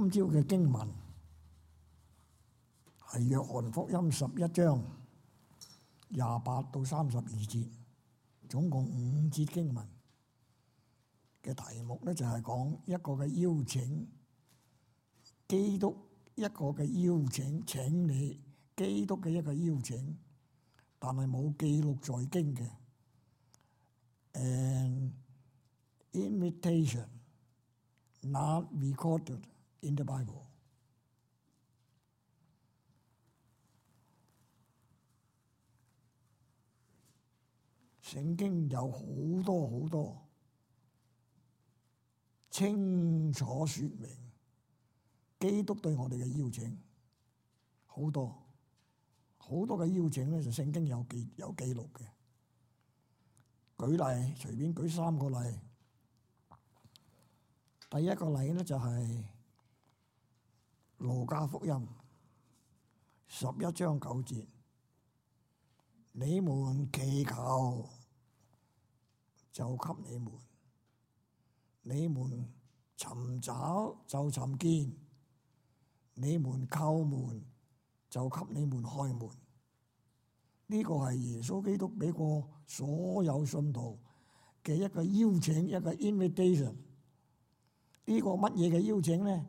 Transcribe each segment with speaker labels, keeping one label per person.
Speaker 1: 今朝嘅經文係《約翰福音》十一章廿八到三十二節，總共五節經文嘅題目咧就係講一個嘅邀請，基督一個嘅邀請，請你基督嘅一個邀請，但係冇記錄在經嘅。誒，invitation not recorded。In the Bible. 聖經有好多好多清楚説明基督對我哋嘅邀請，好多好多嘅邀請咧，就聖經有記有記錄嘅。舉例，隨便舉三個例。第一個例咧，就係。路加福音十一章九節：你們祈求就給你們；你們尋找就尋見；你們叩門就給你們開門。呢個係耶穌基督俾過所有信徒嘅一個邀請，一個 invitation。呢個乜嘢嘅邀請呢？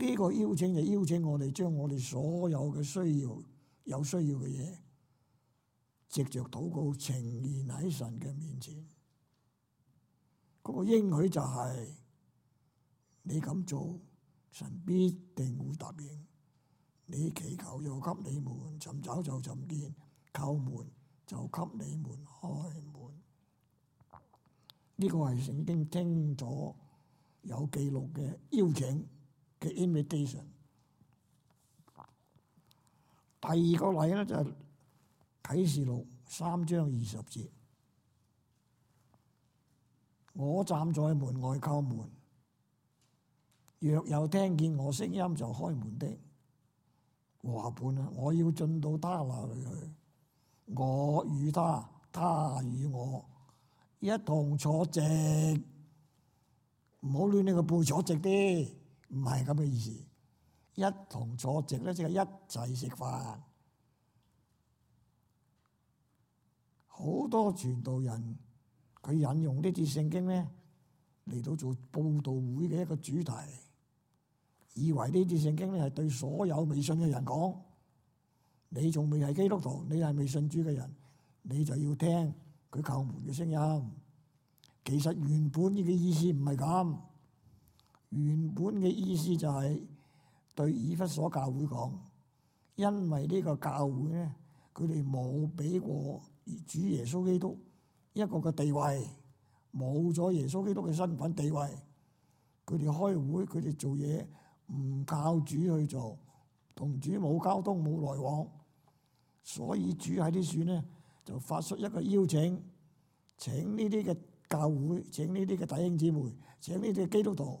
Speaker 1: 呢個邀請就邀請我哋將我哋所有嘅需要，有需要嘅嘢，藉着禱告呈現喺神嘅面前。嗰，那個應許就係、是、你咁做，神必定會答應。你祈求就給你們，尋找就尋見，叩門就給你們開門。呢，這個係聖經聽咗有記錄嘅邀請。嘅 i n i t a t i o n，第二個例咧就係、是、啟示錄三章二十節。我站在門外叩門，若有聽見我聲音就開門的。和本啊，我要進到他那裡去。我與他，他與我，一同坐直。唔好攣你個背坐直啲。唔係咁嘅意思，一同坐席咧，即係一齊食飯。好多傳道人佢引用呢節聖經咧嚟到做佈道會嘅一個主題，以為呢節聖經咧係對所有未信嘅人講。你仲未係基督徒，你係未信主嘅人，你就要聽佢叩門嘅聲音。其實原本呢個意思唔係咁。原本嘅意思就係對以弗所教會講，因為呢個教會咧，佢哋冇俾過主耶穌基督一個嘅地位，冇咗耶穌基督嘅身份地位，佢哋開會，佢哋做嘢唔靠主去做，同主冇交通冇來往，所以主喺啲書咧就發出一個邀請，請呢啲嘅教會，請呢啲嘅弟兄姊妹，請呢啲嘅基督徒。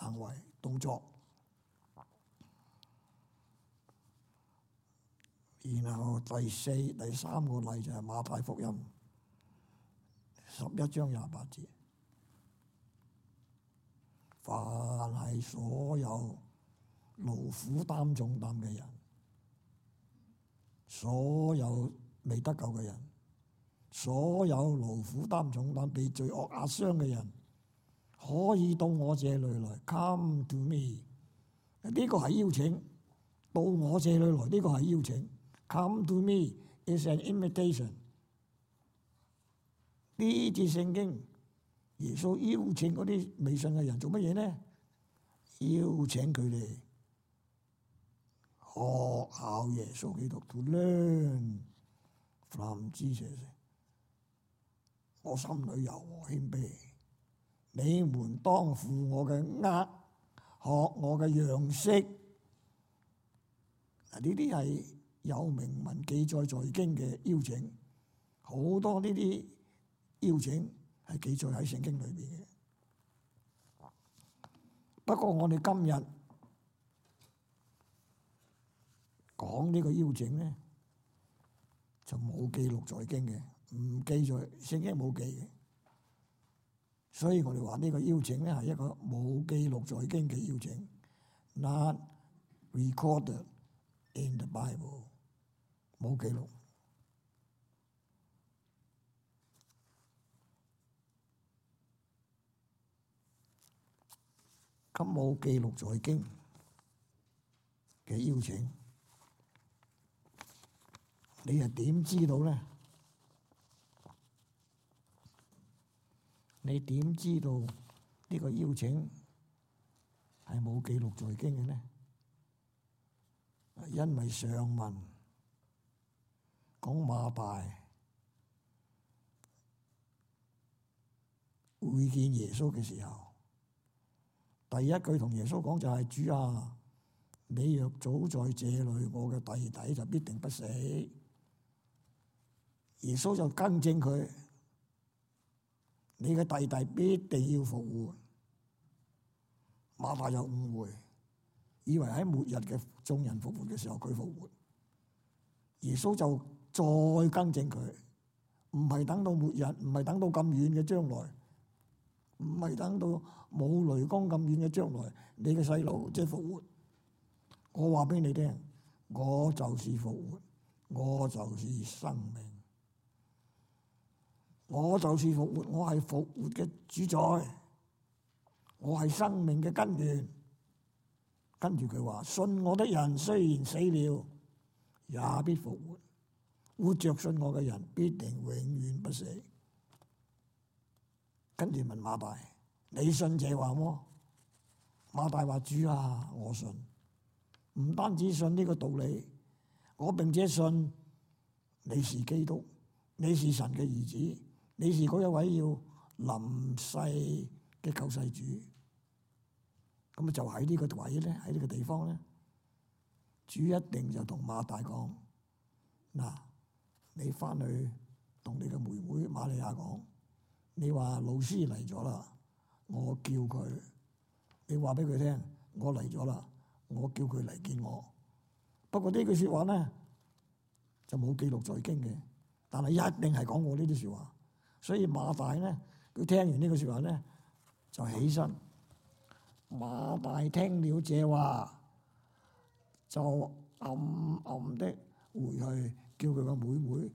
Speaker 1: 行為動作，然後第四第三個例就係馬太福音十一章廿八節，凡係所有勞苦擔重擔嘅人，嗯、所有未得救嘅人，所有勞苦擔重擔被罪惡壓傷嘅人。可以到我這裏來，come to me。呢個係邀請，到我這裏來，呢、這個係邀請。Come to me is an invitation。呢節聖經，耶穌邀請嗰啲未信嘅人做乜嘢呢？邀請佢哋學效耶穌基督。兩男子寫，我心裏柔和謙你們當負我嘅軛，學我嘅樣式。嗱，呢啲係有明文記載在經嘅邀請，好多呢啲邀請係記載喺聖經裏邊嘅。不過我哋今日講呢個邀請咧，就冇記錄在經嘅，唔記載，聖經冇記嘅。所以我哋話呢個邀請咧係一個冇記錄在經嘅邀請，not recorded in the Bible，冇記錄。咁冇記錄在經嘅邀請，你又點知道咧？你點知道呢個邀請係冇記錄在經嘅呢？因為上文講馬大會見耶穌嘅時候，第一句同耶穌講就係、是：主啊，你若早在這裏，我嘅弟弟就必定不死。耶穌就更正佢。你嘅弟弟必定要復活，馬大有誤會，以為喺末日嘅眾人復活嘅時候佢復活，耶穌就再更正佢，唔係等到末日，唔係等到咁遠嘅將來，唔係等到冇雷公咁遠嘅將來，你嘅細路即係復活，我話俾你聽，我就是復活，我就是生命。我就是復活，我係復活嘅主宰，我係生命嘅根源。跟住佢話：信我的人雖然死了，也必復活；活着信我嘅人必定永遠不死。跟住問馬大：你信這話麼？馬大話，主啊，我信。唔單止信呢個道理，我並且信你是基督，你是神嘅兒子。你是嗰一位要臨世嘅救世主，咁啊就喺呢個位咧，喺呢個地方咧，主一定就同馬大講：嗱，你翻去同你嘅妹妹瑪利亞講，你話老師嚟咗啦，我叫佢，你話俾佢聽，我嚟咗啦，我叫佢嚟見我。不過呢句説話咧就冇記錄在經嘅，但係一定係講過呢啲説話。所以馬大咧，佢聽完呢個説話咧，就起身。馬大聽了這話，就暗暗的回去叫佢個妹妹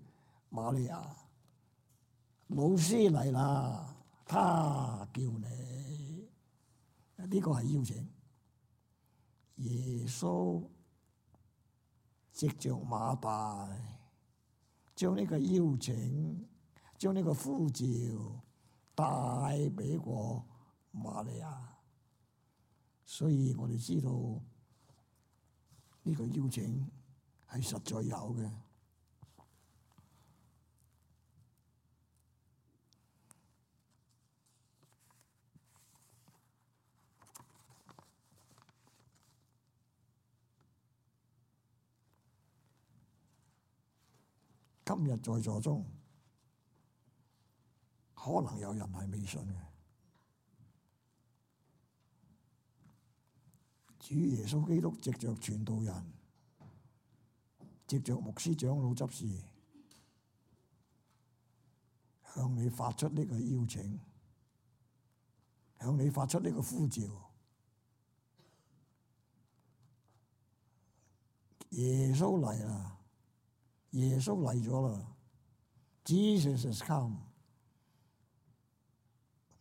Speaker 1: 瑪利亞。老師嚟啦，他叫你，呢個係邀請。耶穌藉著馬大將呢個邀請。將呢個呼召帶俾過瑪利亞，所以我哋知道呢個邀請係實在有嘅。今日在座中。可能有人係未信嘅。主耶穌基督藉著傳道人、藉著牧師長老執事，向你發出呢個邀請，向你發出呢個呼召。耶穌嚟啦！耶穌嚟咗啦！Jesus come。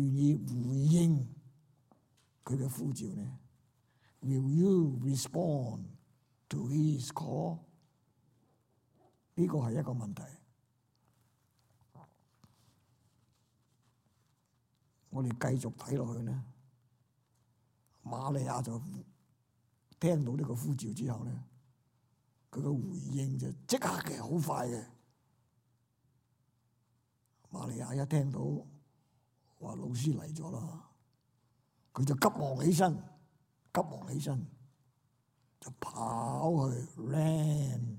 Speaker 1: 願意回應佢嘅呼召呢？Will you respond to his call？呢個係一個問題。我哋繼續睇落去呢，瑪利亞就聽到呢個呼召之後呢，佢嘅回應就即刻嘅，好快嘅。瑪利亞一聽到。話老師嚟咗啦，佢就急忙起身，急忙起身就跑去 run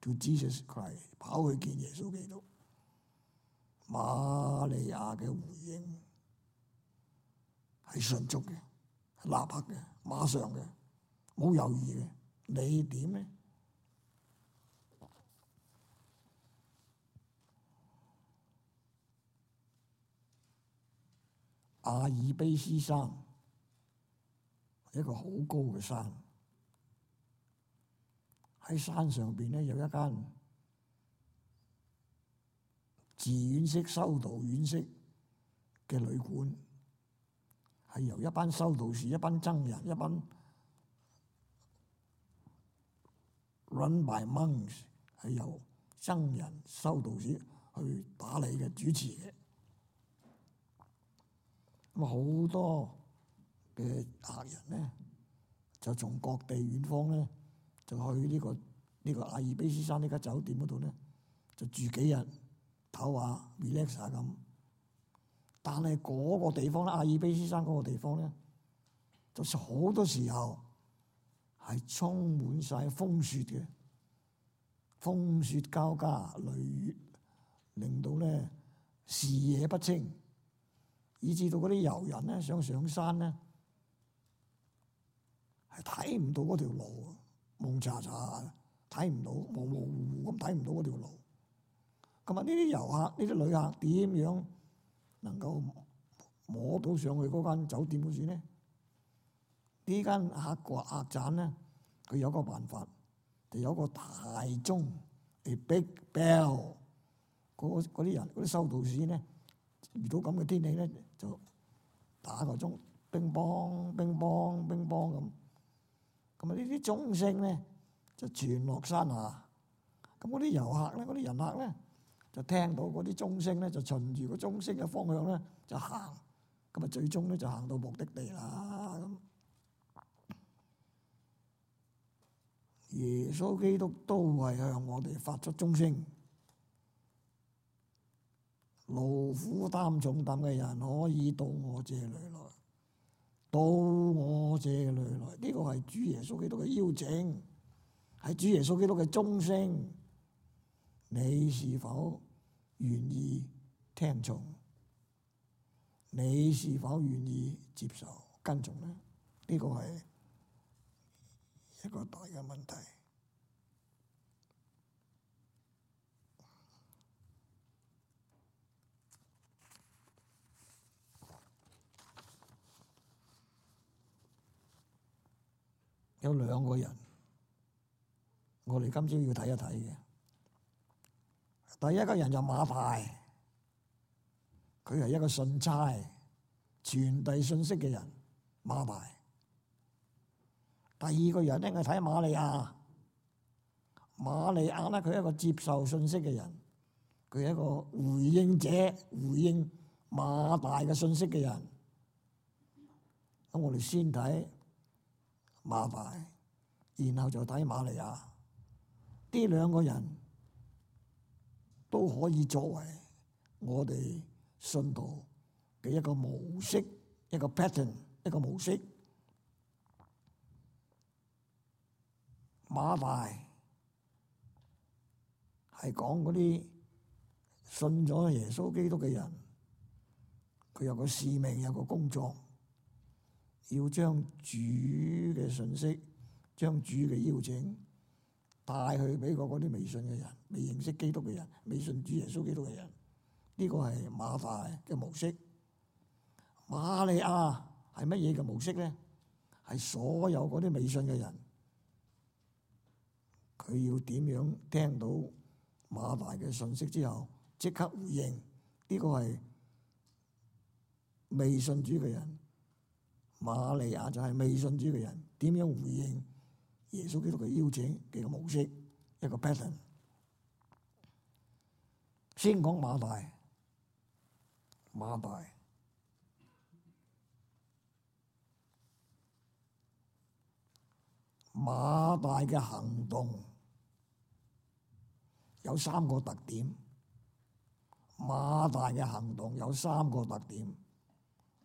Speaker 1: to j e s 跑去見耶穌基督。瑪利亞嘅回應係迅速嘅，立刻嘅，馬上嘅，冇猶豫嘅。你點呢？阿爾卑斯山，一個好高嘅山，喺山上邊咧有一間寺院式修道院式嘅旅館，係由一班修道士、一班僧人、一班 run by monks 係由僧人修道士去打理嘅主持嘅。咁好多嘅客人咧，就從各地遠方咧，就去呢個呢個阿爾卑斯山呢間酒店嗰度咧，就住幾日，唞下 relax 咁。但係嗰個地方咧，阿爾卑斯山嗰個地方咧，就好多時候係充滿晒風雪嘅，風雪交加、雷雨，令到咧視野不清。以至到嗰啲遊人咧想上山咧，係睇唔到嗰條路，蒙查查，睇唔到，模模糊糊咁睇唔到嗰條路。咁啊，呢啲遊客、呢啲旅客點樣能夠摸到上去嗰間酒店嗰處咧？呢間客國客棧咧，佢有個辦法，就有一個大鐘，係 big bell。嗰啲人、嗰啲修道士咧，遇到咁嘅天氣咧。打個鐘，乒乓乒乓乒乓咁，咁啊呢啲鐘聲咧，就傳落山下，咁嗰啲遊客咧，嗰啲人客咧，就聽到嗰啲鐘聲咧，就循住個鐘聲嘅方向咧就行，咁啊最終咧就行到目的地啦。咁耶穌基督都係向我哋發出鐘聲。勞苦擔重擔嘅人可以到我這裏來，到我這裏來，呢、這個係主耶穌基督嘅邀請，係主耶穌基督嘅鐘聲。你是否願意聽從？你是否願意接受跟從呢？呢、這個係一個大嘅問題。有兩個人，我哋今朝要睇一睇嘅。第一個人就馬大，佢係一個信差，傳遞信息嘅人。馬大。第二個人咧，應該睇瑪利亞，瑪利亞咧，佢係一個接受信息嘅人，佢係一個回應者，回應馬大嘅信息嘅人。咁我哋先睇。馬大，然後就睇瑪利亞，呢兩個人都可以作為我哋信徒嘅一個模式，一個 pattern，一個模式。馬大係講嗰啲信咗耶穌基督嘅人，佢有個使命，有個工作。要將主嘅信息、將主嘅邀請帶去俾我嗰啲未信嘅人、未認識基督嘅人、未信主耶穌基督嘅人，呢、這個係馬大嘅模式。瑪利亞係乜嘢嘅模式咧？係所有嗰啲未信嘅人，佢要點樣聽到馬大嘅信息之後即刻回應？呢、這個係未信主嘅人。瑪利亞就係未信主嘅人，點樣回應耶穌基督嘅邀請嘅，這個，模式一個 pattern。先講馬大，馬大，馬大嘅行動有三個特點，馬大嘅行動有三個特點。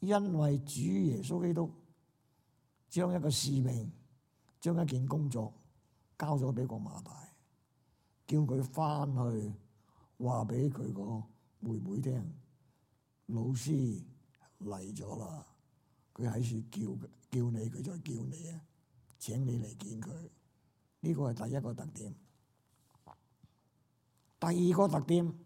Speaker 1: 因為主耶穌基督將一個使命、將一件工作交咗俾個馬大，叫佢返去話俾佢個妹妹聽，老師嚟咗啦，佢喺處叫叫你，佢再叫你啊，請你嚟見佢。呢個係第一個特點。第二個特點。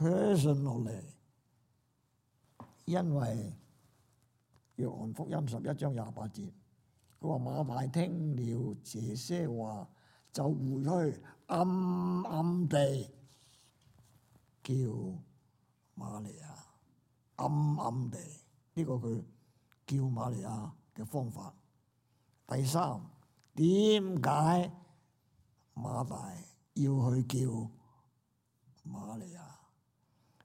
Speaker 1: personally，因為《約翰福音》十一章廿八節，佢話馬大聽了這些話，就回去暗暗地叫瑪利亞。暗暗地呢個佢叫瑪利亞嘅方法。第三，點解馬大要去叫瑪利亞？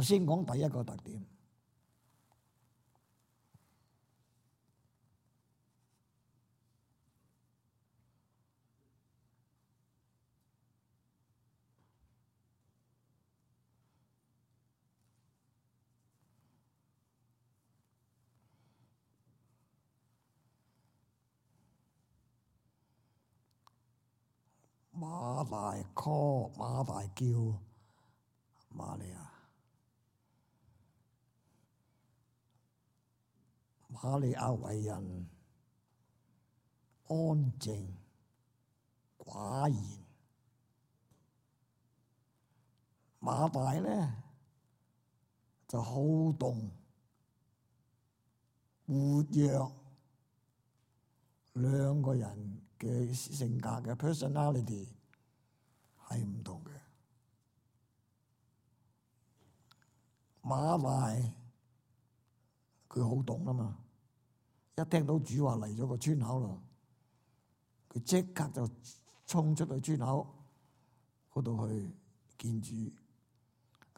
Speaker 1: 先講第一個特點，馬大 call 馬大叫瑪利亞。瑪利亞為人安靜寡言，馬大咧就好動活躍，兩個人嘅性格嘅 personality 係唔同嘅。馬大佢好動啦嘛。一聽到主話嚟咗個村口啦，佢即刻就衝出去村口嗰度去見主。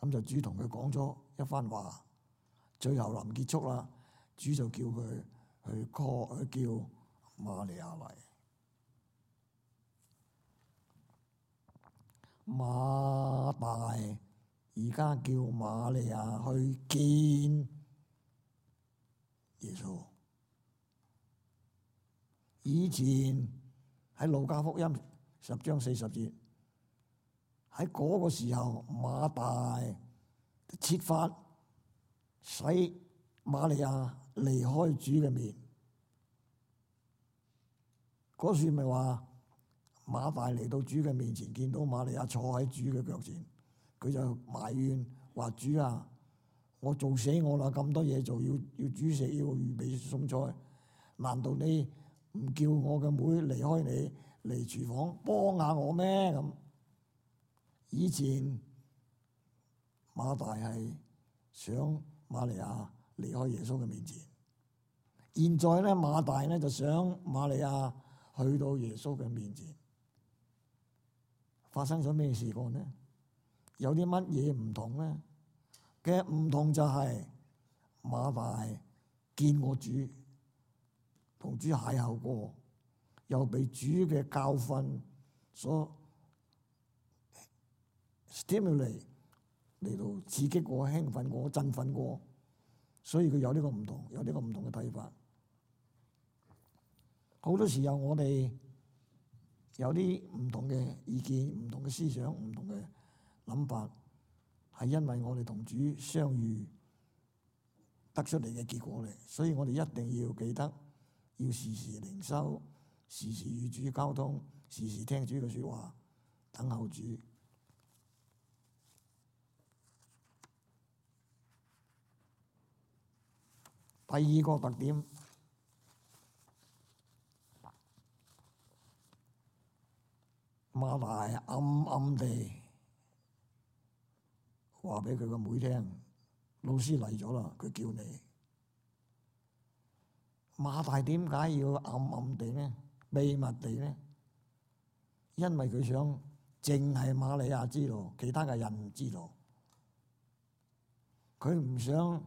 Speaker 1: 咁就主同佢講咗一番話，最後臨結束啦，主就叫佢去 call，去叫瑪利亞嚟。馬大，而家叫瑪利亞去見耶穌。以前喺《路加福音》十章四十節，喺嗰個時候，馬大設法使瑪利亞離開主嘅面。嗰時咪話馬大嚟到主嘅面前，見到瑪利亞坐喺主嘅腳前，佢就埋怨話：「主啊，我做死我啦，咁多嘢做，要要煮食，要預備餸菜，難道你，唔叫我嘅妹離開你，嚟廚房幫下我咩咁？以前馬大係想瑪利亞離開耶穌嘅面前，現在咧馬大咧就想瑪利亞去到耶穌嘅面前。發生咗咩事過咧？有啲乜嘢唔同咧？嘅唔同就係馬大見我主。同主邂逅過，又被主嘅教訓所 stimulate 嚟到刺激過、興奮過、振奮過，所以佢有呢個唔同，有呢個唔同嘅睇法。好多時候我哋有啲唔同嘅意見、唔同嘅思想、唔同嘅諗法，係因為我哋同主相遇得出嚟嘅結果嚟，所以我哋一定要記得。要時時靈修，時時與主溝通，時時聽主嘅說話，等候主。第二個特點，馬大暗暗地話俾佢個妹聽，老師嚟咗啦，佢叫你。馬大點解要暗暗地呢、秘密地呢？因為佢想淨係瑪利亞知道，其他嘅人唔知道。佢唔想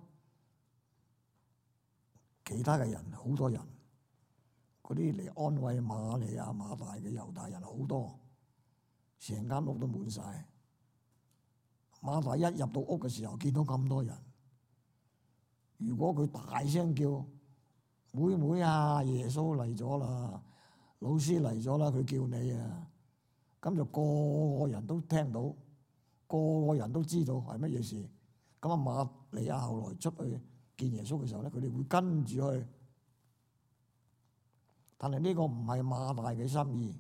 Speaker 1: 其他嘅人，好多人，嗰啲嚟安慰瑪利亞、馬大嘅猶大人好多，成間屋都滿晒。馬大一入到屋嘅時候，見到咁多人，如果佢大聲叫，妹妹啊！耶穌嚟咗啦，老師嚟咗啦，佢叫你啊，咁就個個人都聽到，個個人都知道係乜嘢事。咁啊，瑪利亞後來出去見耶穌嘅時候咧，佢哋會跟住去，但係呢個唔係馬大嘅心意。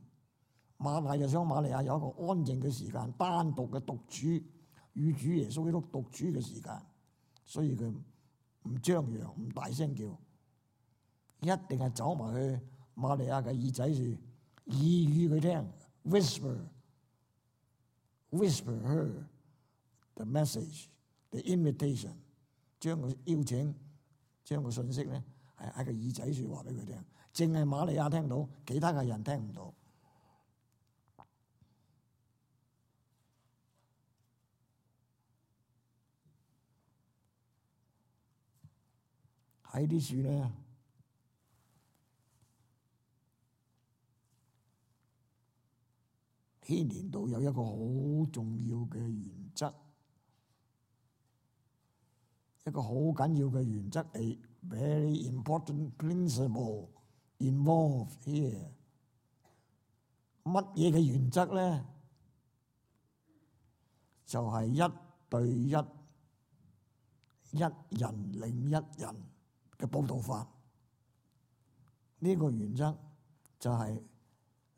Speaker 1: 馬大就想瑪利亞有一個安靜嘅時間，單獨嘅獨處與主耶穌一碌獨處嘅時間，所以佢唔張揚，唔大聲叫。一定係走埋去瑪利亞嘅耳仔處，耳語佢聽，whisper，whisper her the message，the invitation，將個邀請，將個信息咧，喺個耳仔處話俾佢聽，淨係瑪利亞聽到，其他嘅人聽唔到。喺啲書咧。牽連到有一個好重要嘅原則，一個好緊要嘅原則係 very important principle involved here。乜嘢嘅原則咧？就係、是、一對一、一人領一人嘅佈道法。呢、這個原則就係、是。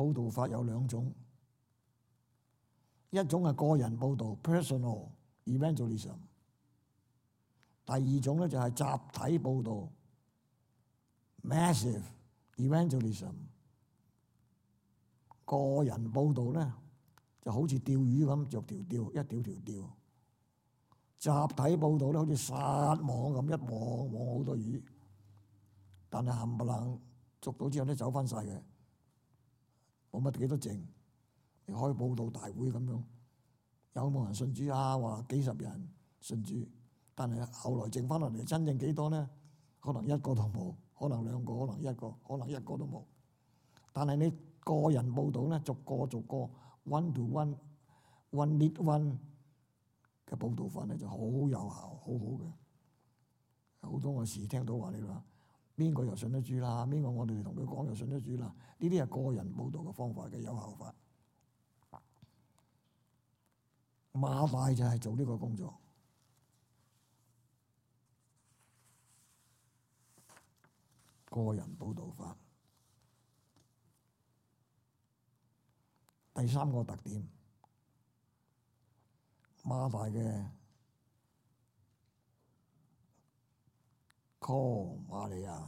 Speaker 1: 佈道法有兩種，一種係個人佈道 （personal evangelism），第二種咧就係、是、集體佈道 （massive evangelism）。Mass Evangel ism, 個人佈道咧就好似釣魚咁，逐條，條釣一條條釣；集體佈道咧好似撒網咁，一網網好多魚，但係冚唪唥捉到之後咧走翻晒嘅。冇乜幾多證，你開報道大會咁樣，有冇人信主啊？話幾十人信主，但係後來剩翻落嚟真正幾多咧？可能一個都冇，可能兩個，可能一個，可能一個都冇。但係你個人報道咧，逐個逐個 one to one，one lead one 嘅報道法咧就好有效，好好嘅。好多我時聽到話你話。邊個又信得住啦？邊個我哋同佢講又信得住啦？呢啲係個人佈道嘅方法嘅有效法。馬大就係做呢個工作，個人佈道法。第三個特點，馬大嘅。哦，瑪利亞，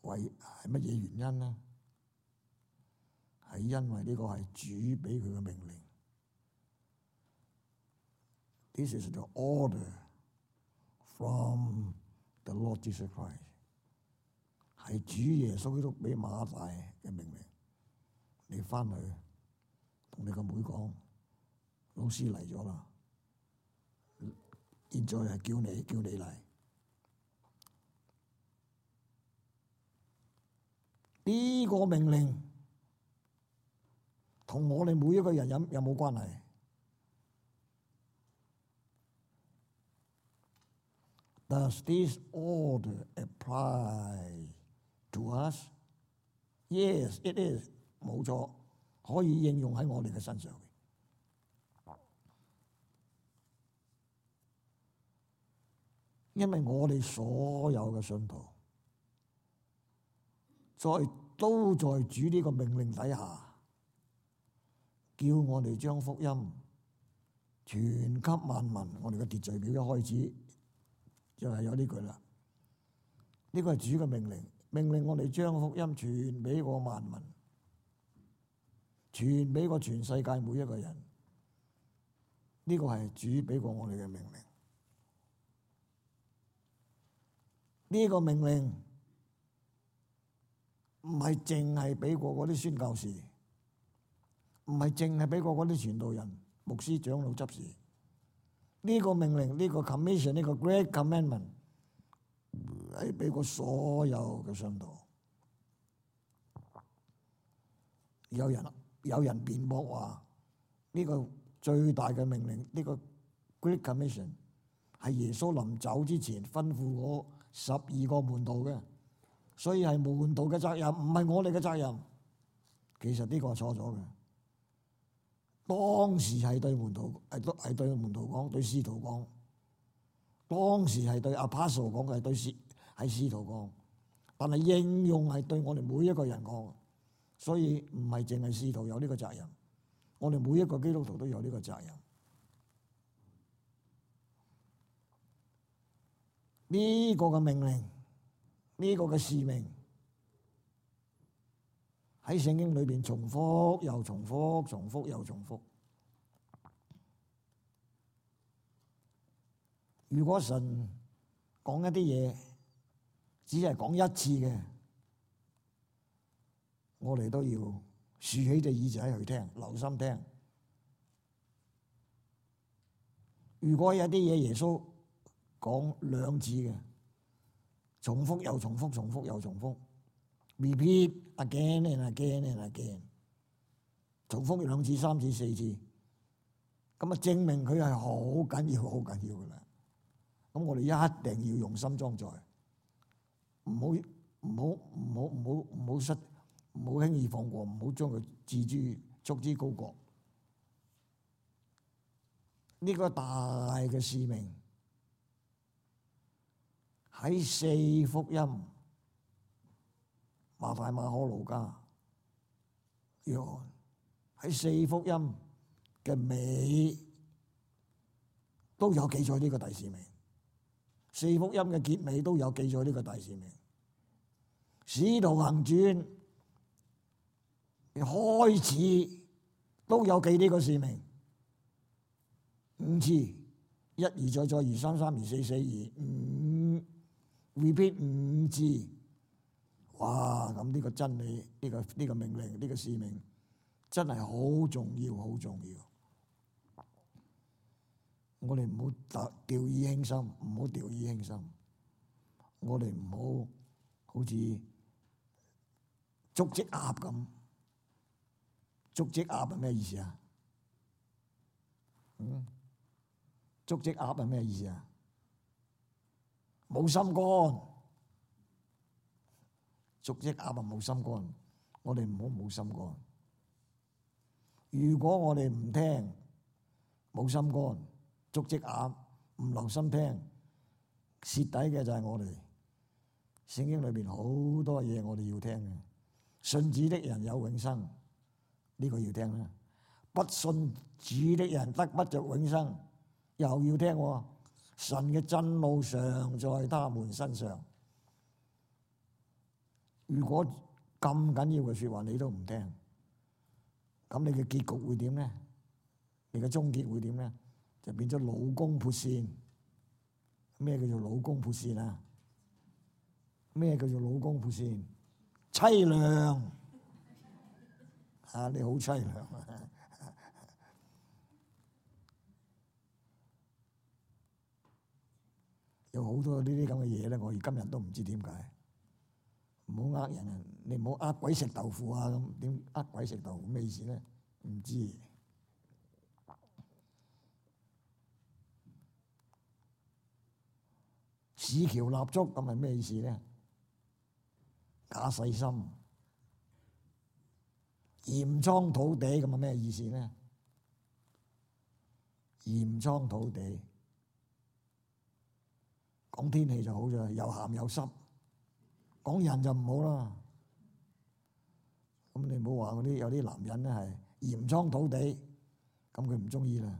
Speaker 1: 為係乜嘢原因呢？係因為呢個係主俾佢嘅命令。This is the order from the Lord Jesus Christ。係主耶穌基督俾馬大嘅命令，你翻去同你個妹講，老師嚟咗啦。現在係叫你，叫你嚟。呢個命令同我哋每一個人有有冇關係？Does this order apply to us? Yes, it is。冇錯，可以應用喺我哋嘅身上。因為我哋所有嘅信徒，在都在主呢個命令底下，叫我哋將福音傳給萬民。我哋嘅秩序表一開始就係有呢句啦。呢個係主嘅命令，命令我哋將福音傳俾個萬民，傳俾個全世界每一個人。呢個係主俾過我哋嘅命令。呢個命令唔係淨係俾過嗰啲宣教士，唔係淨係俾過嗰啲傳道人、牧師、長老執事。呢個命令，呢個 commission，呢個 great commandment，係俾過所有嘅信徒。有人有人辯駁話：呢個最大嘅命令，呢個 great commission，係耶穌臨走之前吩咐我十二個門徒嘅，所以係門徒嘅責任，唔係我哋嘅責任。其實呢個係錯咗嘅。當時係對門徒係對係對門徒講，對使徒講。當時係對阿 apostle 講嘅，係對使係使徒講，但係應用係對我哋每一個人講。所以唔係淨係使徒有呢個責任，我哋每一個基督徒都有呢個責任。呢個嘅命令，呢個嘅使命，喺聖經裏邊重複又重複，重複又重複。如果神講一啲嘢，只係講一次嘅，我哋都要豎起隻耳仔去聽，留心聽。如果有啲嘢耶穌，講兩次嘅，重複又重複，重複又重複，重複又重複，repeat again and again and again，重複兩次、三次、四次，咁啊證明佢係好緊要、好緊要噶啦。咁我哋一定要用心裝載，唔好唔好唔好唔好唔好失，唔好輕易放過，唔好將佢置諸束之高閣。呢個大嘅使命，喺四福音，馬太、馬可、路加，喺四福音嘅尾都有記載呢個大使命。四福音嘅結尾都有記載呢個大使命。使徒行傳開始都有記呢個大使命。五次，一而再，再而三，三而四，四而五。未必唔知。repeat 五次哇！咁呢個真理，呢個呢個命令，呢個使命，真係好重要，好重要。我哋唔好掉以輕心，唔好掉以輕心。我哋唔好好似捉隻鴨咁，捉隻鴨係咩意思啊？嗯，捉隻鴨係咩意思啊？冇心肝，竹織鴨咪冇心肝。我哋唔好冇心肝。如果我哋唔聽，冇心肝，竹織鴨唔留心聽，蝕底嘅就係我哋。聖經裏邊好多嘢我哋要聽嘅，信主的人有永生，呢個要聽啦。不信主的人得不着永生，又要聽。神嘅震怒常在他們身上。如果咁緊要嘅説話你都唔聽，咁你嘅結局會點咧？你嘅終結會點咧？就變咗老公仆先。咩叫做老公仆先啊？咩叫做老公仆先？淒涼啊！你好淒涼。有好多呢啲咁嘅嘢咧，我而今日都唔知點解。唔好呃人啊！你唔好呃鬼食豆腐啊咁，點呃鬼食豆腐？咩意思咧？唔知。市橋蠟燭咁係咩意思咧？假細心。鹽倉土地咁係咩意思咧？鹽倉土地。講天氣就好啫，又鹹又濕。講人就唔好啦。咁你唔好話嗰啲有啲男人咧係鹽倉土地，咁佢唔中意啦。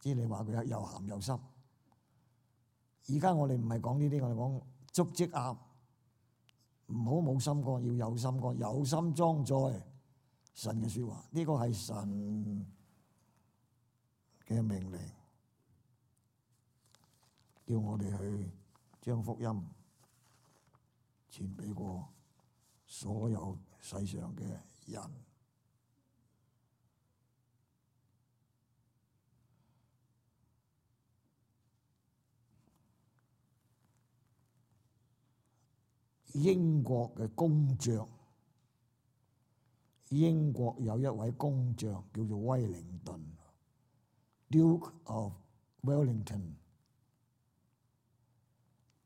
Speaker 1: 知你話佢又鹹又濕。而家我哋唔係講呢啲，我哋講捉積鴨。唔好冇心肝，要有心肝，有心裝載神嘅説話。呢個係神嘅命令，叫我哋去。將福音傳俾過所有世上嘅人。英國嘅公爵，英國有一位公爵叫做威靈頓，Duke of Wellington。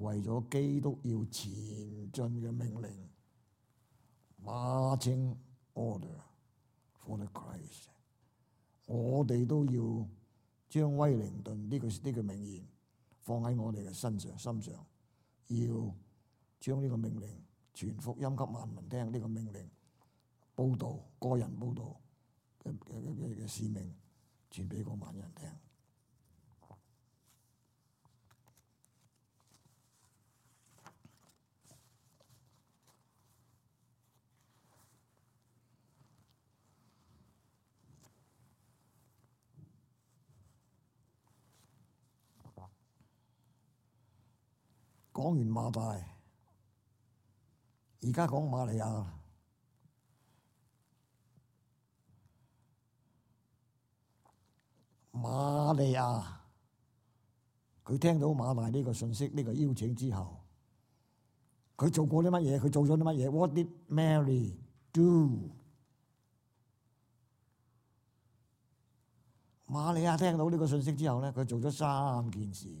Speaker 1: 為咗基督要前進嘅命令，Marching order for the Christ，我哋都要將威靈頓呢個呢個名言放喺我哋嘅身上、心上，要將呢個命令傳福音給萬民聽。呢個命令，報道個人報道嘅嘅嘅嘅使命，傳俾個萬人聽。講完馬大，而家講瑪利亞。瑪利亞，佢聽到馬大呢個信息、呢個邀請之後，佢做過啲乜嘢？佢做咗啲乜嘢？What did Mary do？瑪利亞聽到呢個信息之後咧，佢做咗三件事。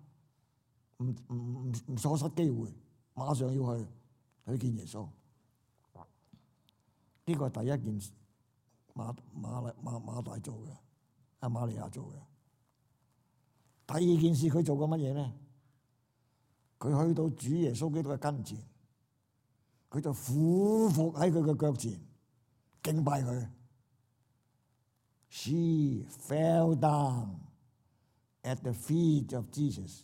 Speaker 1: 唔唔唔唔，喪失機會，馬上要去去見耶穌。呢、這個係第一件事，馬馬馬馬大做嘅，阿、啊、馬利亞做嘅。第二件事，佢做過乜嘢咧？佢去到主耶穌基督嘅跟前，佢就俯伏喺佢嘅腳前敬拜佢。She fell down at the feet of Jesus.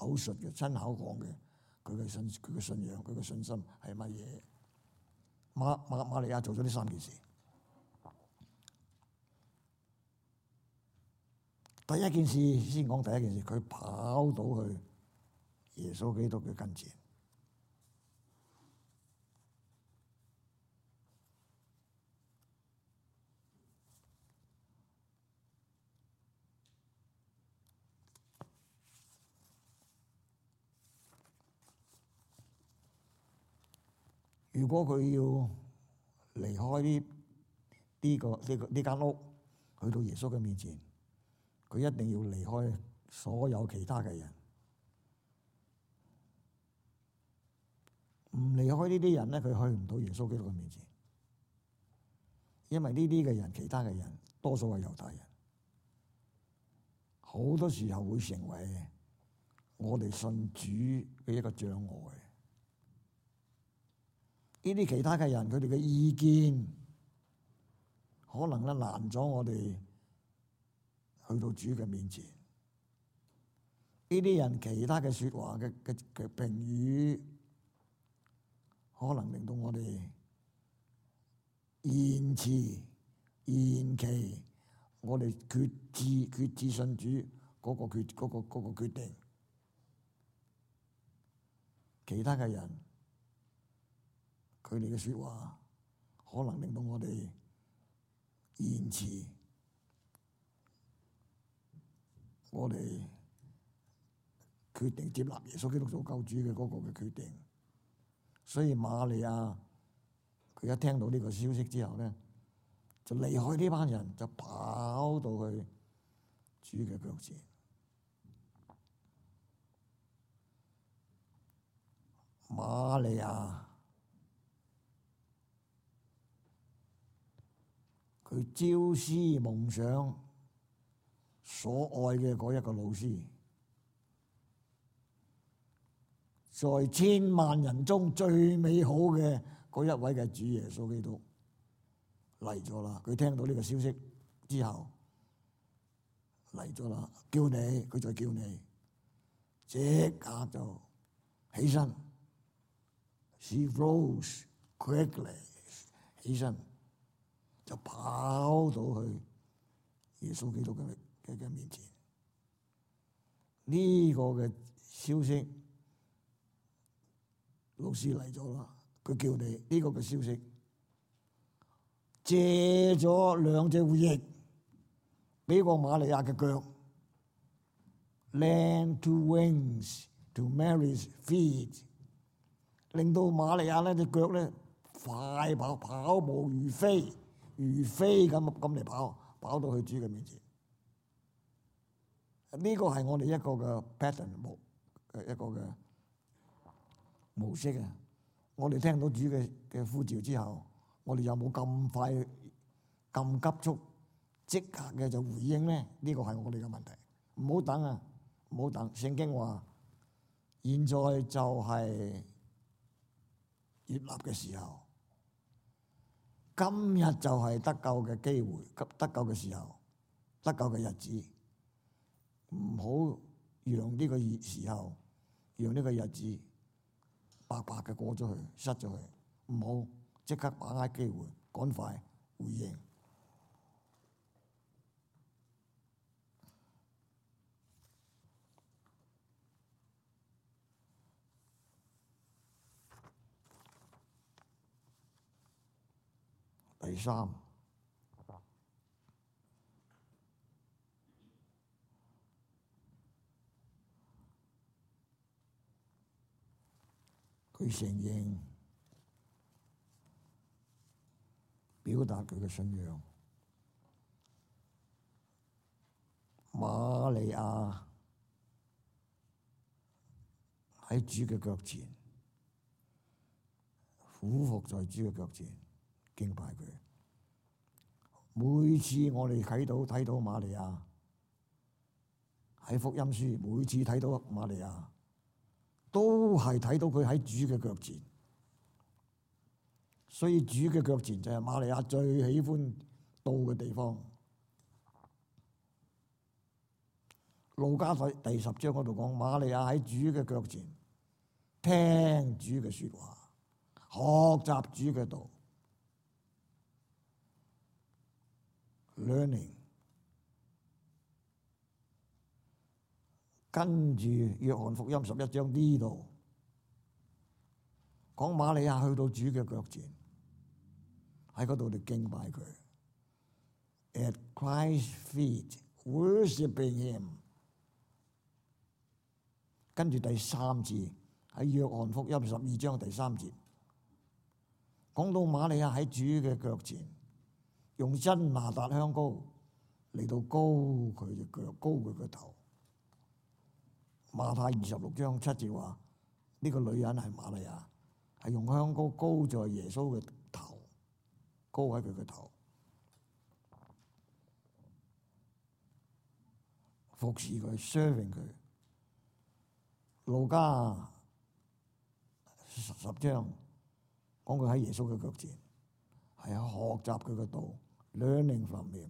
Speaker 1: 口述嘅，親口講嘅，佢嘅信，佢嘅信仰，佢嘅信心係乜嘢？瑪瑪瑪利亞做咗呢三件事。第一件事，先講第一件事，佢跑到去耶穌基督嘅跟前。如果佢要離開呢啲個呢呢間屋，去到耶穌嘅面前，佢一定要離開所有其他嘅人。唔離開呢啲人咧，佢去唔到耶穌基督嘅面前。因為呢啲嘅人，其他嘅人多數係猶太人，好多時候會成為我哋信主嘅一個障礙。呢啲其他嘅人，佢哋嘅意見可能攔阻咗我哋去到主嘅面前。呢啲人其他嘅説話嘅嘅評語，可能令到我哋延遲延期，我哋決志決志信主嗰個決嗰個嗰個決定，其他嘅人。佢哋嘅説話可能令到我哋延遲，我哋決定接納耶穌基督做救主嘅嗰個嘅決定。所以瑪利亞，佢一聽到呢個消息之後咧，就離開呢班人，就跑到去主嘅腳前。瑪利亞。佢朝思夢想、所愛嘅嗰一個老師，在千萬人中最美好嘅嗰一位嘅主耶穌基督嚟咗啦！佢聽到呢個消息之後嚟咗啦，叫你佢就叫你，即刻就起身，She rose quickly，起身。就跑到去耶穌基督嘅嘅嘅面前，呢個嘅消息，老師嚟咗啦，佢叫你呢個嘅消息，借咗兩隻羽翼俾個瑪利亞嘅腳，lend two wings to Mary's feet，令到瑪利亞咧隻腳咧快跑，跑步如飛。如飛咁咁嚟跑，跑到去主嘅面前，呢個係我哋一個嘅 pattern，一個嘅模式啊！我哋聽到主嘅嘅呼召之後，我哋有冇咁快、咁急速、即刻嘅就回應咧？呢個係我哋嘅問題。唔好等啊，唔好等！聖經話：現在就係悅納嘅時候。今日就係得救嘅機會，及得救嘅時候，得救嘅日子，唔好讓呢個時候，讓呢個日子白白嘅過咗去，失咗去，唔好即刻把握機會，趕快回應。第三，佢承認，表達佢嘅信仰。瑪利亞喺主嘅腳前，俯伏，伏在主嘅腳前。敬拜佢。每次我哋睇到睇到瑪利亞喺福音書，每次睇到瑪利亞，都係睇到佢喺主嘅腳前。所以主嘅腳前就係瑪利亞最喜歡到嘅地方。路加在第十章嗰度講，瑪利亞喺主嘅腳前聽主嘅説話，學習主嘅道。Learning，跟住《約翰福音》十一章呢度講馬利亞去到主嘅腳前，喺嗰度就敬拜佢。At Christ's feet worshiping Him。跟住第三節喺《約翰福音》十二章第三節講到馬利亞喺主嘅腳前。用真哪噠香膏嚟到膏佢隻腳，膏佢個頭。馬太二十六章七節話：呢、這個女人係瑪利亞，係用香膏膏在耶穌嘅頭，膏喺佢個頭，服侍佢，serving 佢。路加十章講佢喺耶穌嘅腳前，係學習佢嘅道。Learning from him,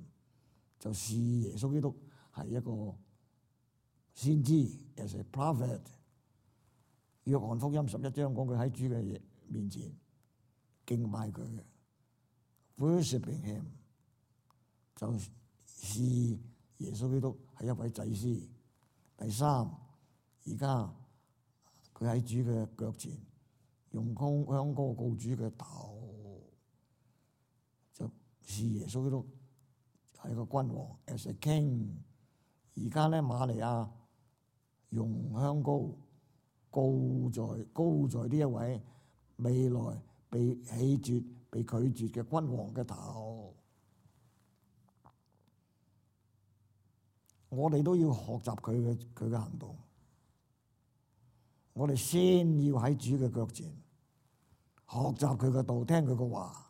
Speaker 1: 就視耶穌基督係一個先知，as a prophet。約翰福音十一章講佢喺主嘅面前敬拜佢嘅，worshipping him，就視耶穌基督係一位祭司。第三，而家佢喺主嘅腳前，用香膏膏主嘅頭。是耶穌基督係個君王，as a king。而家咧，瑪利亞用香膏膏，膏在膏在呢一位未來被棄絕、被拒絕嘅君王嘅頭。我哋都要學習佢嘅佢嘅行動。我哋先要喺主嘅腳前學習佢嘅道，聽佢嘅話。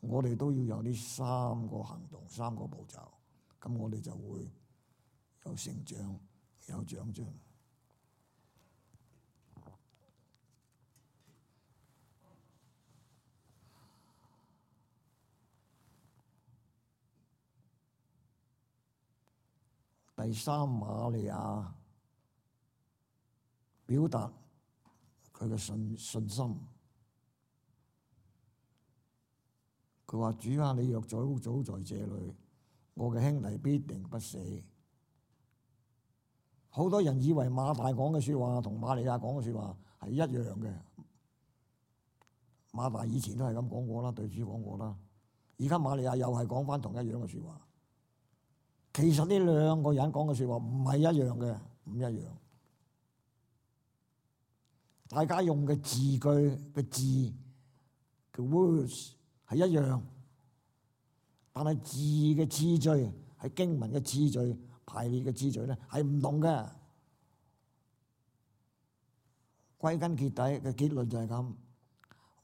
Speaker 1: 我哋都要有呢三個行動，三個步驟，咁我哋就會有成長，有長進。第三，瑪利亞表達佢嘅信信心。佢話，主啊，你若早早在這裏，我嘅兄弟必定不死。好多人以為馬大講嘅說話同馬利亞講嘅說話係一樣嘅。馬大以前都係咁講過啦，對主講過啦。而家馬利亞又係講翻同一樣嘅說話。其實呢兩個人講嘅說話唔係一樣嘅，唔一樣。大家用嘅字句嘅字嘅 words。係一樣，但係字嘅次序，係經文嘅次序，排列嘅次序咧，係唔同嘅。歸根結底嘅結論就係咁。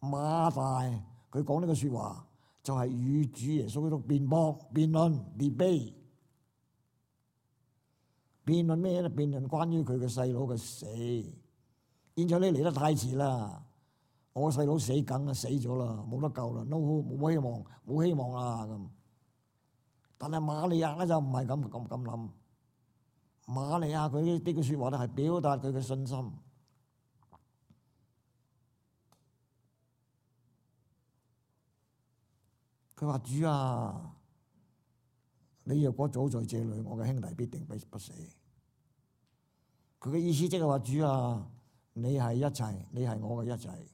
Speaker 1: 馬大，佢講呢個説話，就係、是、與主耶穌嗰度辯駁、辯論、辯悲。辯論咩咧？辯論關於佢嘅細佬嘅死。現在你嚟得太遲啦。我個細佬死梗啦，死咗啦，冇得救啦，no 冇希望，冇希望啦咁。但係瑪利亞咧就唔係咁咁咁諗。瑪利亞佢呢啲嘅説話咧係表達佢嘅信心。佢話：主啊，你若果早在這裏，我嘅兄弟必定不不死。佢嘅意思即係話：主啊，你係一切，你係我嘅一切。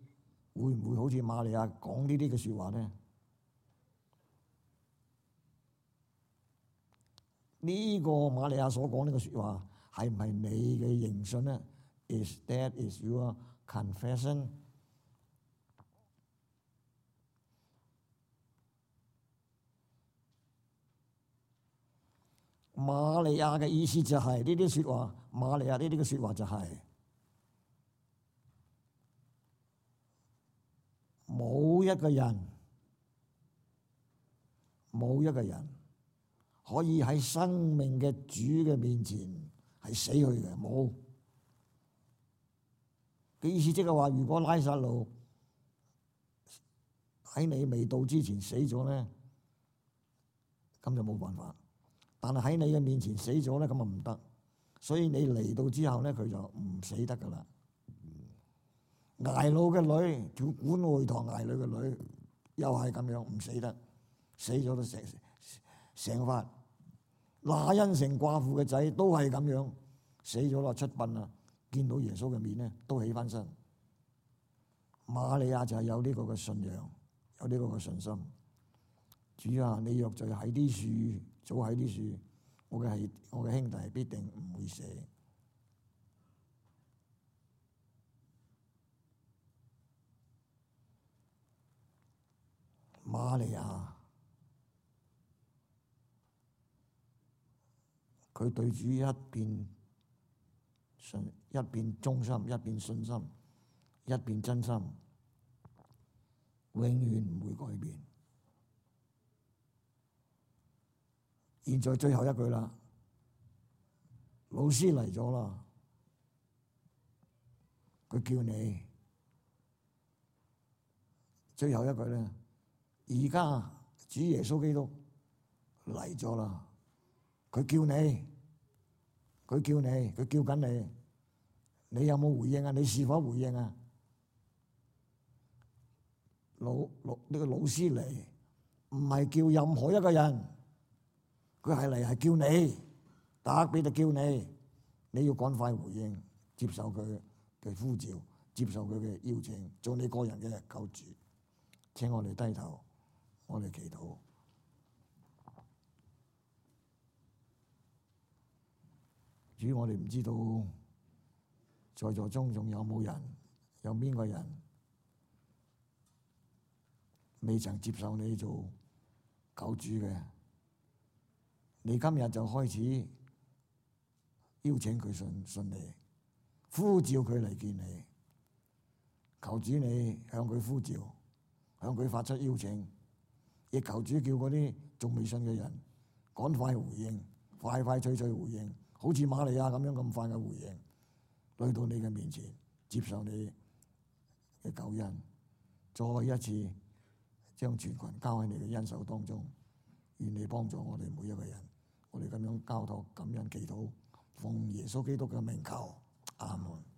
Speaker 1: 會唔會好似瑪利亞講呢啲嘅説話呢？呢個瑪利亞所講呢個説話係唔係你嘅認信呢？Is that is your confession？瑪利亞嘅意思就係呢啲説話，瑪利亞呢啲嘅説話就係、是。冇一個人，冇一個人可以喺生命嘅主嘅面前係死去嘅，冇。嘅意思即係話，如果拉撒路喺你未到之前死咗咧，咁就冇辦法。但係喺你嘅面前死咗咧，咁啊，唔得。所以你嚟到之後咧，佢就唔死得噶啦。挨老嘅女，做管會堂挨女嘅女，又係咁樣唔死得，死咗都成成佛。拿因城寡婦嘅仔都係咁樣，死咗啦，出殯啦，見到耶穌嘅面咧都起翻身。瑪利亞就係有呢個嘅信仰，有呢個嘅信心。主啊，你若在喺啲樹，早喺啲樹，我嘅係我嘅兄弟必定唔會死。瑪利亞，佢對主一邊信，一邊忠心，一邊信心，一邊真心，永遠唔會改變。現在最後一句啦，老師嚟咗啦，佢叫你最後一句咧。而家主耶穌基督嚟咗啦，佢叫你，佢叫你，佢叫緊你，你有冇回應啊？你是否回應啊？老老呢個老師嚟，唔係叫任何一個人，佢係嚟係叫你，打俾就叫你，你要趕快回應，接受佢嘅呼召，接受佢嘅邀請，做你個人嘅救主，請我哋低頭。我哋祈禱，主，我哋唔知道在座中仲有冇人，有邊個人未曾接受你做救主嘅，你今日就開始邀請佢信信你，呼，呼召佢嚟見你，求主你向佢呼召，向佢發出邀請。亦求主叫嗰啲仲未信嘅人，趕快回應，快快脆脆回應，好似瑪利亞咁樣咁快嘅回應，去到你嘅面前，接受你嘅救恩，再一次將全群交喺你嘅恩手當中，願你幫助我哋每一個人，我哋咁樣交託咁樣祈禱，奉耶穌基督嘅名求，阿門。